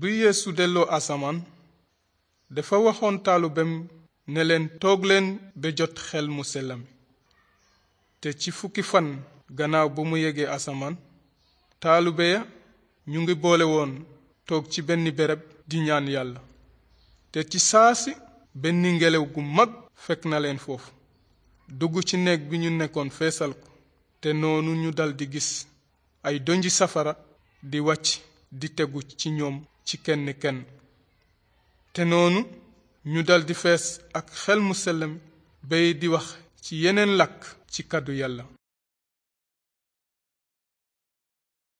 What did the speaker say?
bi yeesu delloo asamaan dafa waxoon taalubem ne leen toog leen be jot xel mu sell te ci fukki fan gannaaw bu mu yegee asamaan taalube ya ñu ngi boole woon toog ci benn bereb di ñaan yàlla te ci saasi benn ngelaw gu mag fekk na leen foofu dugg ci néeg bi ñu nekkoon feesal ko te noonu ñu daldi gis ay donji safara di wàcc di tegu ci ñoom ci kenn kenn te noonu ñu daldi fees ak xel mu sellam bay di wax ci yeneen làkk ci kàddu yàlla